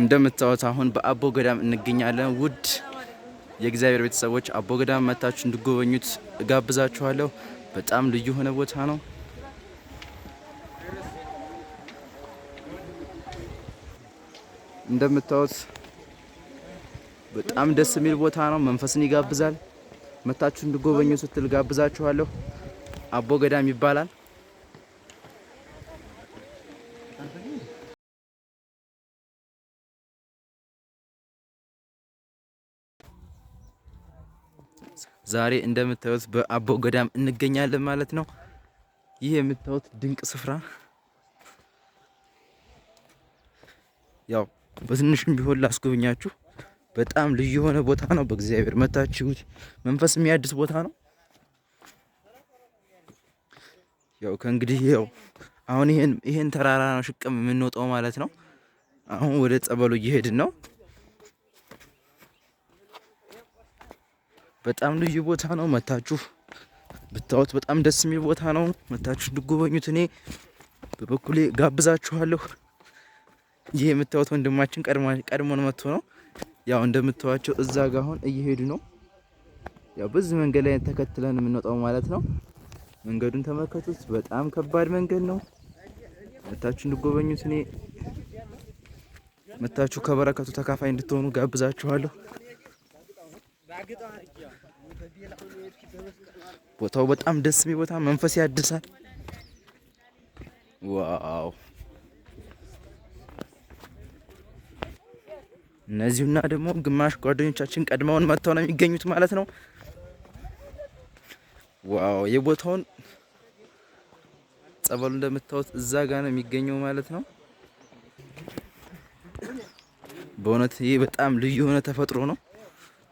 እንደምታዩት አሁን በአቦ ገዳም እንገኛለን። ውድ የእግዚአብሔር ቤተሰቦች አቦ ገዳም መታችሁ እንድጎበኙት እጋብዛችኋለሁ። በጣም ልዩ የሆነ ቦታ ነው። እንደምታዩት በጣም ደስ የሚል ቦታ ነው። መንፈስን ይጋብዛል። መታችሁ እንድጎበኙት ስትል ጋብዛችኋለሁ። አቦ ገዳም ይባላል። ዛሬ እንደምታዩት በአቦ ገዳም እንገኛለን ማለት ነው። ይህ የምታዩት ድንቅ ስፍራ ያው በትንሽም ቢሆን ላስጎብኛችሁ። በጣም ልዩ የሆነ ቦታ ነው። በእግዚአብሔር መታችሁት መንፈስ የሚያድስ ቦታ ነው። ያው ከእንግዲህ ያው አሁን ይሄን ይሄን ተራራ ነው ሽቅም የምንወጣው ማለት ነው። አሁን ወደ ጸበሉ እየሄድን ነው። በጣም ልዩ ቦታ ነው። መታችሁ ብታዩት በጣም ደስ የሚል ቦታ ነው። መታችሁ እንድጎበኙት እኔ በበኩሌ ጋብዛችኋለሁ። ይህ የምታዩት ወንድማችን ቀድሞን መጥቶ ነው። ያው እንደምታዩቸው እዛ ጋ አሁን እየሄዱ ነው። ያው በዚህ መንገድ ላይ ተከትለን የምንወጣው ማለት ነው። መንገዱን ተመልከቱት። በጣም ከባድ መንገድ ነው። መታችሁ እንድጎበኙት እኔ መታችሁ ከበረከቱ ተካፋይ እንድትሆኑ ጋብዛችኋለሁ። ቦታው በጣም ደስ የሚል ቦታ፣ መንፈስ ያድሳል። ዋው! እነዚሁና ደግሞ ግማሽ ጓደኞቻችን ቀድመውን መጥተው ነው የሚገኙት ማለት ነው። ዋው! የቦታውን ጸበሉ እንደምታዩት እዛ ጋ ነው የሚገኘው ማለት ነው። በእውነት ይህ በጣም ልዩ የሆነ ተፈጥሮ ነው።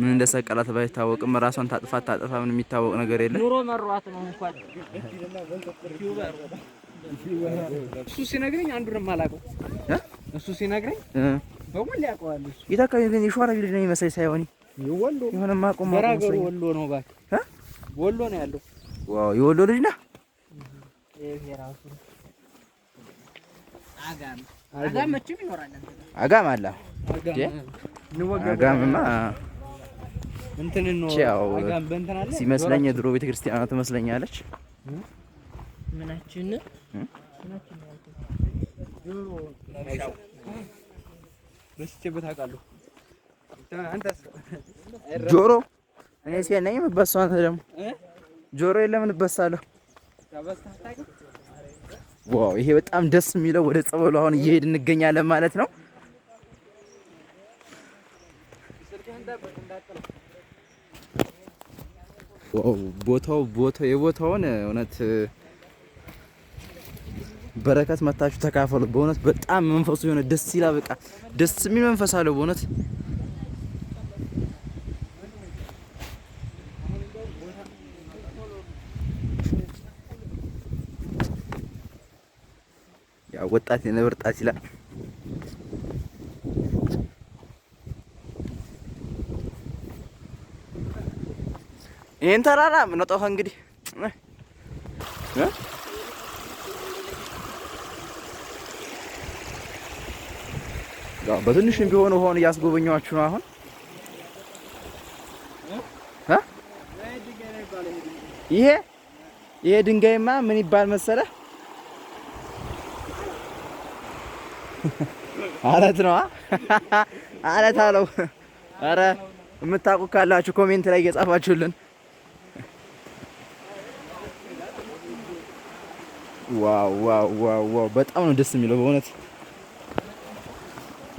ምን እንደሰቀላት ባይታወቅም ራሷን ታጥፋት ታጥፋ ምን የሚታወቅ ነገር የለም። ኑሮ መሯት ነው እንኳን እሱ ሲነግረኝ አንዱንም አላውቀው እሱ ሲነግረኝ በሙሉ ያውቀዋል። የት አካባቢ ግን የሸዋረቢ ልጅ ነው የሚመስለኝ ሳይሆን ወሎ የሆነ ማቆም ገራገሩ ወሎ ነው እባክህ እ ወሎ ነው ያለው። ዋው የወሎ ልጅ ነህ? አጋም አጋም አጋም አለ አጋምማ ሲመስለኝ የድሮ ቤተክርስቲያኗ ትመስለኛለች። ምናችን ጆሮ እኔ ሴት ነኝ የምትበሳው አንተ ደግሞ ጆሮ የለም እንበሳለሁ። ዋው ይሄ በጣም ደስ የሚለው ወደ ጸበሉ አሁን እየሄድ እንገኛለን ማለት ነው። ቦታው ቦታው የቦታውን እውነት በረከት መታችሁ ተካፈሉ። በእውነት በጣም መንፈሱ የሆነ ደስ ይላል። በቃ ደስ የሚል መንፈስ አለው በእውነት ያው ወጣት የነብር ጣት ይላል። ይህን ተራራ ምን ጠፋ እንግዲህ በትንሽም ቢሆን ውሃውን እያስጎበኘኋችሁ ነው አሁን ይሄ ይሄ ድንጋይማ ምን ይባል መሰለ አለት ነው። አለት አለው። አረ የምታውቁ ካላችሁ ኮሜንት ላይ እየጻፋችሁልን ዋው በጣም ነው ደስ የሚለው በእውነት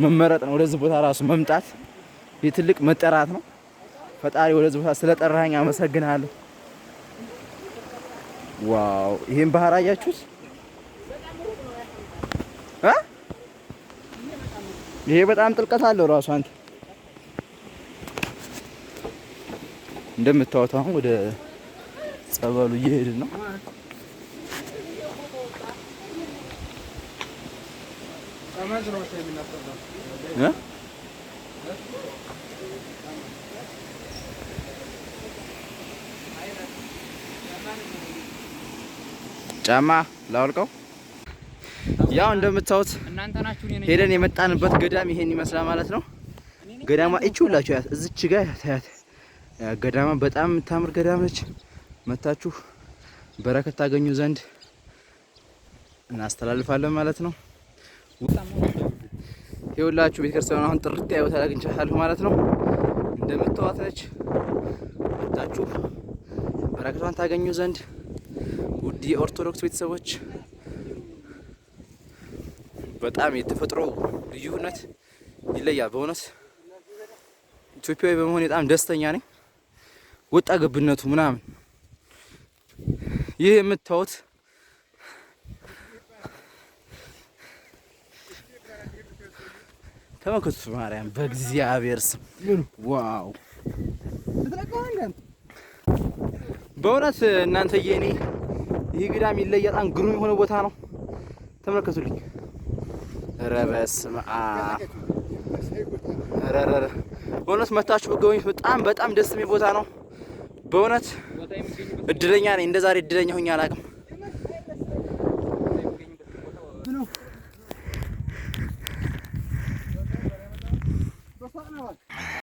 መመረጥ ነው። ወደዚህ ቦታ ራሱ መምጣት የትልቅ መጠራት ነው። ፈጣሪ ወደዚህ ቦታ ስለጠራኝ አመሰግናለሁ። ዋው! ይሄን ባህር አያችሁት? ይሄ በጣም ጥልቀት አለው ራሱ አንተ እንደምታወጣው አሁን ወደ ጸበሉ እየሄድን ነው። ጫማ ላውልቀው። ያው እንደምታዩት ሄደን የመጣንበት ገዳም ይሄን ይመስላል ማለት ነው። ገዳማ እቺ ያት እዚች ጋ ያት ገዳማ በጣም የምታምር ገዳም ነች። መታችሁ በረከት ታገኙ ዘንድ እናስተላልፋለን ማለት ነው። የሁላችሁ ቤተክርስቲያን አሁን ጥርት ያዩት አግኝቻለሁ ማለት ነው። እንደምታዋት ነች። መጣችሁ በረከቷን ታገኙ ዘንድ ውድ የኦርቶዶክስ ቤተሰቦች በጣም የተፈጥሮ ልዩነት ይለያል። በእውነት ኢትዮጵያዊ በመሆን በጣም ደስተኛ ነኝ። ወጣ ገብነቱ ምናምን ይህ የምታዩት ተመልከቱ ማርያም በእግዚአብሔር ስም ዋው! በእውነት እናንተ የኔ ይህ ግዳም ይለያል። በጣም ግሩም የሆነ ቦታ ነው። ተመልከቱልኝ። ኧረ ረረረ በእውነት መታችሁ በጎበኙት። በጣም በጣም ደስ የሚል ቦታ ነው። በእውነት እድለኛ ነኝ። እንደዛሬ እድለኛ ሆኜ አላውቅም። ああ。